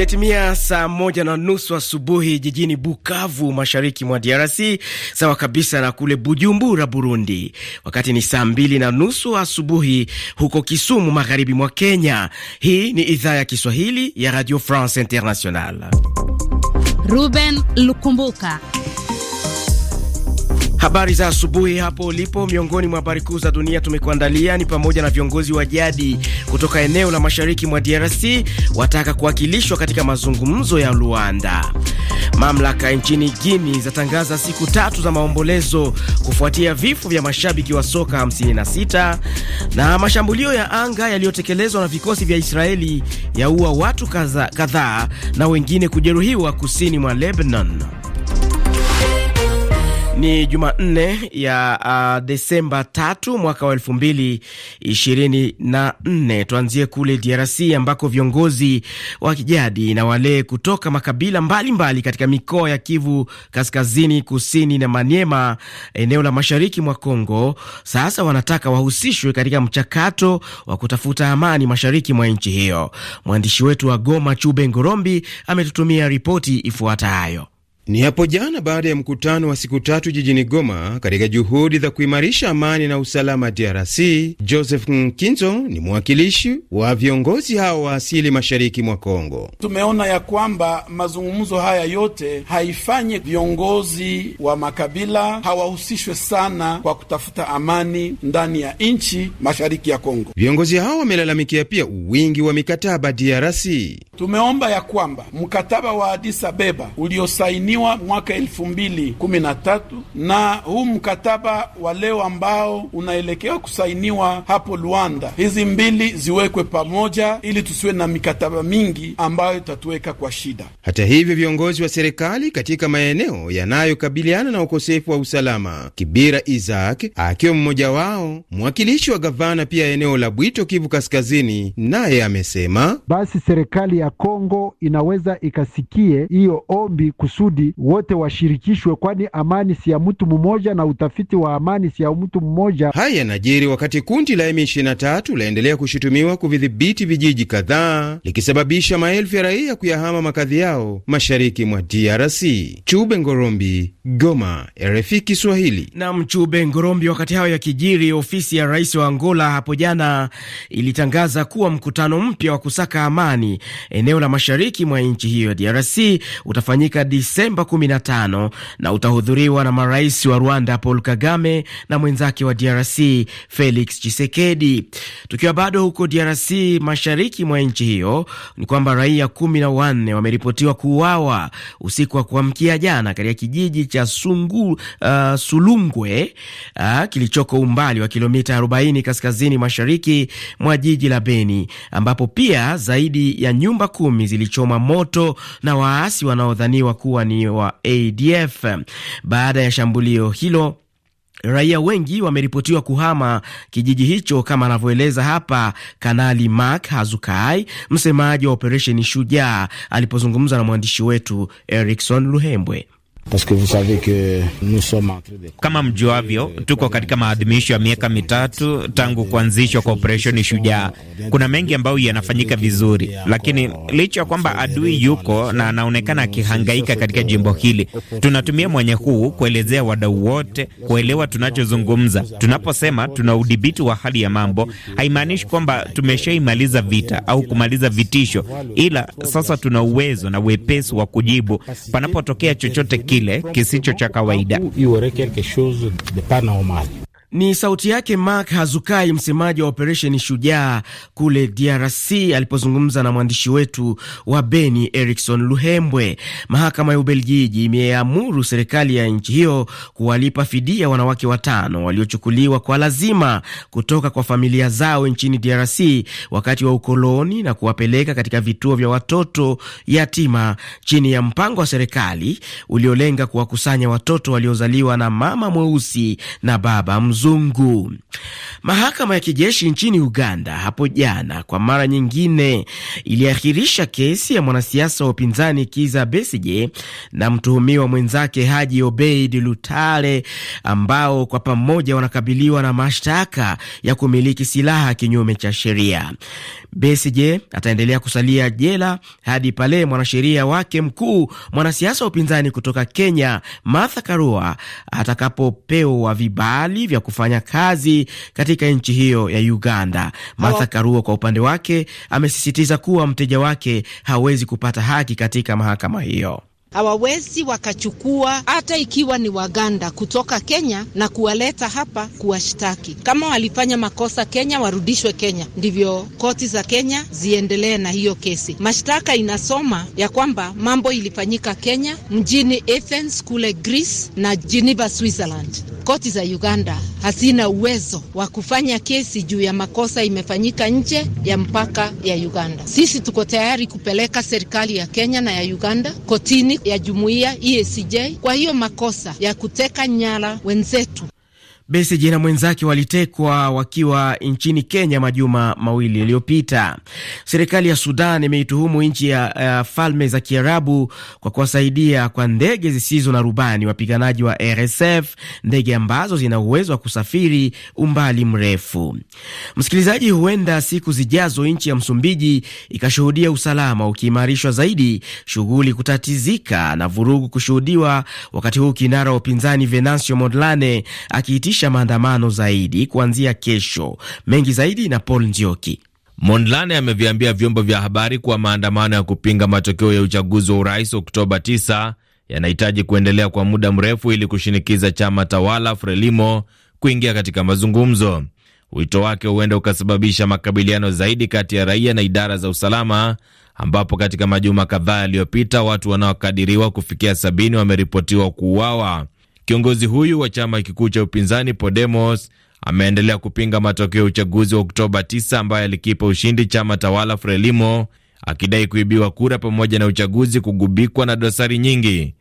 Imetimia saa moja na nusu asubuhi jijini Bukavu, mashariki mwa DRC, sawa kabisa na kule Bujumbura, Burundi. Wakati ni saa mbili na nusu asubuhi huko Kisumu, magharibi mwa Kenya. Hii ni idhaa ya Kiswahili ya Radio France International. Ruben Lukumbuka Habari za asubuhi hapo ulipo. Miongoni mwa habari kuu za dunia tumekuandalia ni pamoja na viongozi wa jadi kutoka eneo la mashariki mwa DRC wataka kuwakilishwa katika mazungumzo ya Luanda. Mamlaka nchini Guini zatangaza siku tatu za maombolezo kufuatia vifo vya mashabiki wa soka 56 na mashambulio ya anga yaliyotekelezwa na vikosi vya Israeli yaua watu kadhaa na wengine kujeruhiwa kusini mwa Lebanon. Ni Jumanne ya uh, Desemba tatu mwaka wa elfu mbili ishirini na nne. Tuanzie kule DRC ambako viongozi wa kijadi na wale kutoka makabila mbalimbali mbali katika mikoa ya Kivu Kaskazini, Kusini na Maniema, eneo la mashariki mwa Kongo, sasa wanataka wahusishwe katika mchakato wa kutafuta amani mashariki mwa nchi hiyo. Mwandishi wetu wa Goma, Chube Ngorombi, ametutumia ripoti ifuatayo. Ni hapo jana baada ya mkutano wa siku tatu jijini Goma katika juhudi za kuimarisha amani na usalama DRC. Joseph Nkinzo ni mwakilishi wa viongozi hao wa asili mashariki mwa Kongo. Tumeona ya kwamba mazungumzo haya yote haifanye viongozi wa makabila hawahusishwe sana kwa kutafuta amani ndani ya nchi mashariki ya Kongo. Viongozi hao wamelalamikia pia wingi wa mikataba DRC. Tumeomba ya kwamba mkataba wa Addis Abeba uliosainiwa kusainiwa mwaka elfu mbili kumi na tatu na huu mkataba wa leo ambao unaelekewa kusainiwa hapo Luanda, hizi mbili ziwekwe pamoja ili tusiwe na mikataba mingi ambayo itatuweka kwa shida. Hata hivyo, viongozi wa serikali katika maeneo yanayokabiliana na ukosefu wa usalama, Kibira Isaac akiwa mmoja wao, mwakilishi wa gavana pia eneo la Bwito, Kivu Kaskazini, naye amesema basi serikali ya Kongo inaweza ikasikie hiyo ombi kusudi inabidi wote washirikishwe, kwani amani si ya mtu mmoja na utafiti wa amani si ya mtu mmoja. Haya yanajiri wakati kundi la M23 laendelea kushutumiwa kuvidhibiti vijiji kadhaa likisababisha maelfu ya raia kuyahama makazi yao mashariki mwa DRC. Chube Ngorombi, Goma, RFI Kiswahili. Nam Chube Ngorombi. Wakati hayo ya kijiri, ofisi ya rais wa Angola hapo jana ilitangaza kuwa mkutano mpya wa kusaka amani eneo la mashariki mwa nchi hiyo ya DRC utafanyika Disemba Novemba 15 na utahudhuriwa na marais wa Rwanda Paul Kagame na mwenzake wa DRC Felix chisekedi Tukiwa bado huko DRC, mashariki mwa nchi hiyo, ni kwamba raia kumi na wanne wameripotiwa kuuawa usiku wa kuamkia jana katika kijiji cha Sungu, uh, Sulungwe uh, kilichoko umbali wa kilomita 40 kaskazini mashariki mwa jiji la Beni ambapo pia zaidi ya nyumba kumi zilichoma moto na waasi wanaodhaniwa kuwa ni upinzani wa ADF. Baada ya shambulio hilo raia wengi wameripotiwa kuhama kijiji hicho, kama anavyoeleza hapa Kanali Mark Hazukai, msemaji wa operesheni Shujaa, alipozungumza na mwandishi wetu Erikson Luhembwe. Kama mjuavyo, tuko katika maadhimisho ya miaka mitatu tangu kuanzishwa kwa operesheni Shujaa. Kuna mengi ambayo yanafanyika vizuri, lakini licha ya kwamba adui yuko na anaonekana akihangaika katika jimbo hili, tunatumia mwenye huu kuelezea wadau wote kuelewa tunachozungumza. Tunaposema tuna udhibiti wa hali ya mambo, haimaanishi kwamba tumeshaimaliza vita au kumaliza vitisho, ila sasa tuna uwezo na wepesi wa kujibu panapotokea chochote kile kile kisicho cha kawaida. Ni sauti yake Mark Hazukai, msemaji wa operesheni Shujaa kule DRC alipozungumza na mwandishi wetu wa Beni Erikson Luhembwe. Mahakama ya Ubelgiji imeamuru serikali ya nchi hiyo kuwalipa fidia wanawake watano waliochukuliwa kwa lazima kutoka kwa familia zao nchini DRC wakati wa ukoloni na kuwapeleka katika vituo vya watoto yatima chini ya mpango wa serikali uliolenga kuwakusanya watoto waliozaliwa na mama mweusi na baba mzuri wazungu. Mahakama ya kijeshi nchini Uganda hapo jana kwa mara nyingine iliahirisha kesi ya mwanasiasa wa upinzani Kiza Besije na mtuhumiwa mwenzake Haji Obeid Lutale ambao kwa pamoja wanakabiliwa na mashtaka ya kumiliki silaha kinyume cha sheria. besije ataendelea kusalia jela hadi pale mwanasheria wake mkuu, mwanasiasa wa upinzani kutoka Kenya Martha Karua atakapopewa vibali vya kufanya kazi katika nchi hiyo ya Uganda. Martha Karua kwa upande wake amesisitiza kuwa mteja wake hawezi kupata haki katika mahakama hiyo hawawezi wakachukua hata ikiwa ni Waganda kutoka Kenya na kuwaleta hapa kuwashtaki. Kama walifanya makosa Kenya, warudishwe Kenya. Ndivyo koti za Kenya ziendelee na hiyo kesi. Mashtaka inasoma ya kwamba mambo ilifanyika Kenya, mjini Athens kule Greece na Geneva Switzerland. Koti za Uganda hazina uwezo wa kufanya kesi juu ya makosa imefanyika nje ya mpaka ya Uganda. Sisi tuko tayari kupeleka serikali ya Kenya na ya Uganda kotini ya jumuiya esj kwa hiyo makosa ya kuteka nyara wenzetu. Besigye na mwenzake walitekwa wakiwa nchini Kenya majuma mawili yaliyopita. Serikali ya Sudan imeituhumu nchi ya uh, Falme za Kiarabu kwa kuwasaidia kwa ndege zisizo na rubani wapiganaji wa RSF, ndege ambazo zina uwezo wa kusafiri umbali mrefu. Msikilizaji, huenda siku zijazo nchi ya Msumbiji ikashuhudia usalama ukiimarishwa zaidi, shughuli kutatizika na vurugu kushuhudiwa, wakati huu kinara wa upinzani Venancio Mondlane akiitisha kuitisha maandamano zaidi kuanzia kesho. Mengi zaidi na Paul Njoki. Mondlane ameviambia vyombo vya habari kuwa maandamano ya kupinga matokeo ya uchaguzi wa urais Oktoba 9 yanahitaji kuendelea kwa muda mrefu ili kushinikiza chama tawala Frelimo kuingia katika mazungumzo. Wito wake huenda ukasababisha makabiliano zaidi kati ya raia na idara za usalama, ambapo katika majuma kadhaa yaliyopita watu wanaokadiriwa kufikia sabini wameripotiwa kuuawa. Kiongozi huyu wa chama kikuu cha upinzani Podemos ameendelea kupinga matokeo ya uchaguzi wa Oktoba 9 ambaye alikipa ushindi chama tawala Frelimo, akidai kuibiwa kura pamoja na uchaguzi kugubikwa na dosari nyingi.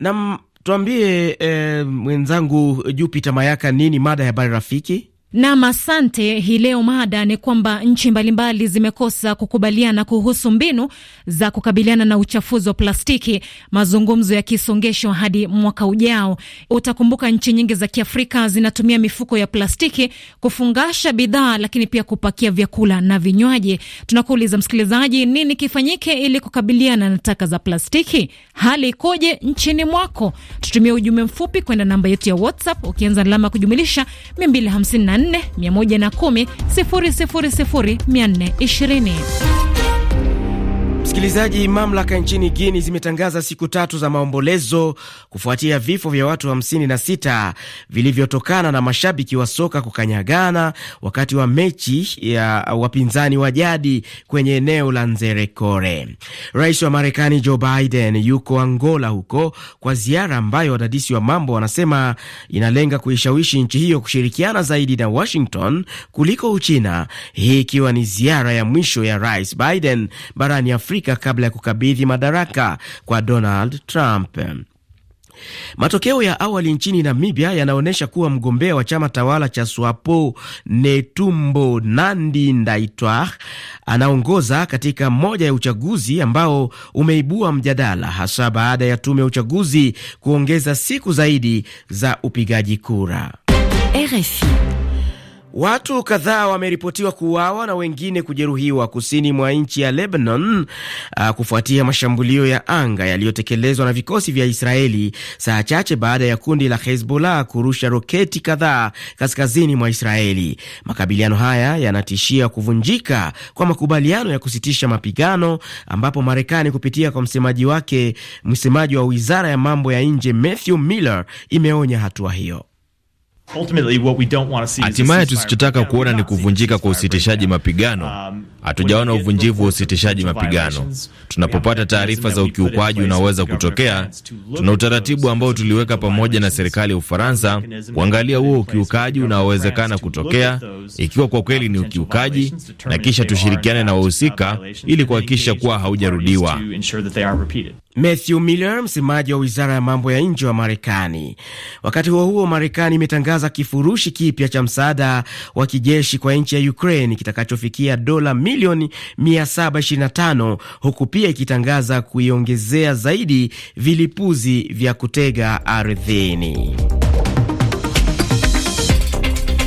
Nam tuambie, eh, mwenzangu jupita Mayaka, nini mada ya habari rafiki? Nam, asante. Hii leo mada ni kwamba nchi mbalimbali zimekosa kukubaliana kuhusu mbinu za kukabiliana na uchafuzi wa plastiki, mazungumzo yakisongeshwa hadi mwaka ujao. Utakumbuka nchi nyingi za Kiafrika zinatumia mifuko ya plastiki kufungasha bidhaa, lakini pia kupakia vyakula na vinywaji. Tunakuuliza msikilizaji, nini kifanyike ili kukabiliana na taka za plastiki? Hali ikoje nchini mwako? Tutumie ujumbe mfupi kwenda namba yetu ya WhatsApp ukianza alama ya kujumulisha 254 4 110 000 420. Msikilizaji, mamlaka nchini Guini zimetangaza siku tatu za maombolezo kufuatia vifo vya watu 56 wa vilivyotokana na mashabiki wa soka kukanyagana wakati wa mechi ya wapinzani wa jadi kwenye eneo la Nzerekore. Rais wa Marekani Joe Biden yuko Angola huko kwa ziara ambayo wadadisi wa mambo wanasema inalenga kuishawishi nchi hiyo kushirikiana zaidi na Washington kuliko Uchina, hii ikiwa ni ziara ya mwisho ya Rais Biden barani Afrika Afrika kabla ya kukabidhi madaraka kwa Donald Trump. Matokeo ya awali nchini Namibia yanaonyesha kuwa mgombea wa chama tawala cha SWAPO Netumbo Nandi Ndaitwah anaongoza katika moja ya uchaguzi ambao umeibua mjadala, hasa baada ya tume ya uchaguzi kuongeza siku zaidi za upigaji kura. RFI. Watu kadhaa wameripotiwa kuuawa na wengine kujeruhiwa kusini mwa nchi ya Lebanon ah, kufuatia mashambulio ya anga yaliyotekelezwa na vikosi vya Israeli saa chache baada ya kundi la Hezbollah kurusha roketi kadhaa kaskazini mwa Israeli. Makabiliano haya yanatishia kuvunjika kwa makubaliano ya kusitisha mapigano ambapo Marekani kupitia kwa msemaji wake, msemaji wa wizara ya mambo ya nje Matthew Miller imeonya hatua hiyo. Hatimaye tusichotaka kuona ni kuvunjika kwa usitishaji mapigano. Um, Hatujaona uvunjivu wa usitishaji mapigano. Tunapopata taarifa za ukiukwaji unaoweza kutokea, tuna utaratibu ambao tuliweka pamoja na serikali ya Ufaransa kuangalia huo ukiukaji unaowezekana kutokea, ikiwa kwa kweli ni ukiukaji, na kisha tushirikiane na uh, wahusika ili kuhakikisha kuwa haujarudiwa. Matthew Miller, msemaji wa wizara ya mambo ya nje wa Marekani. Wakati huo huo, Marekani imetangaza kifurushi kipya cha msaada wa kijeshi kwa nchi ya Ukraine kitakachofikia dola milioni 725 huku pia ikitangaza kuiongezea zaidi vilipuzi vya kutega ardhini.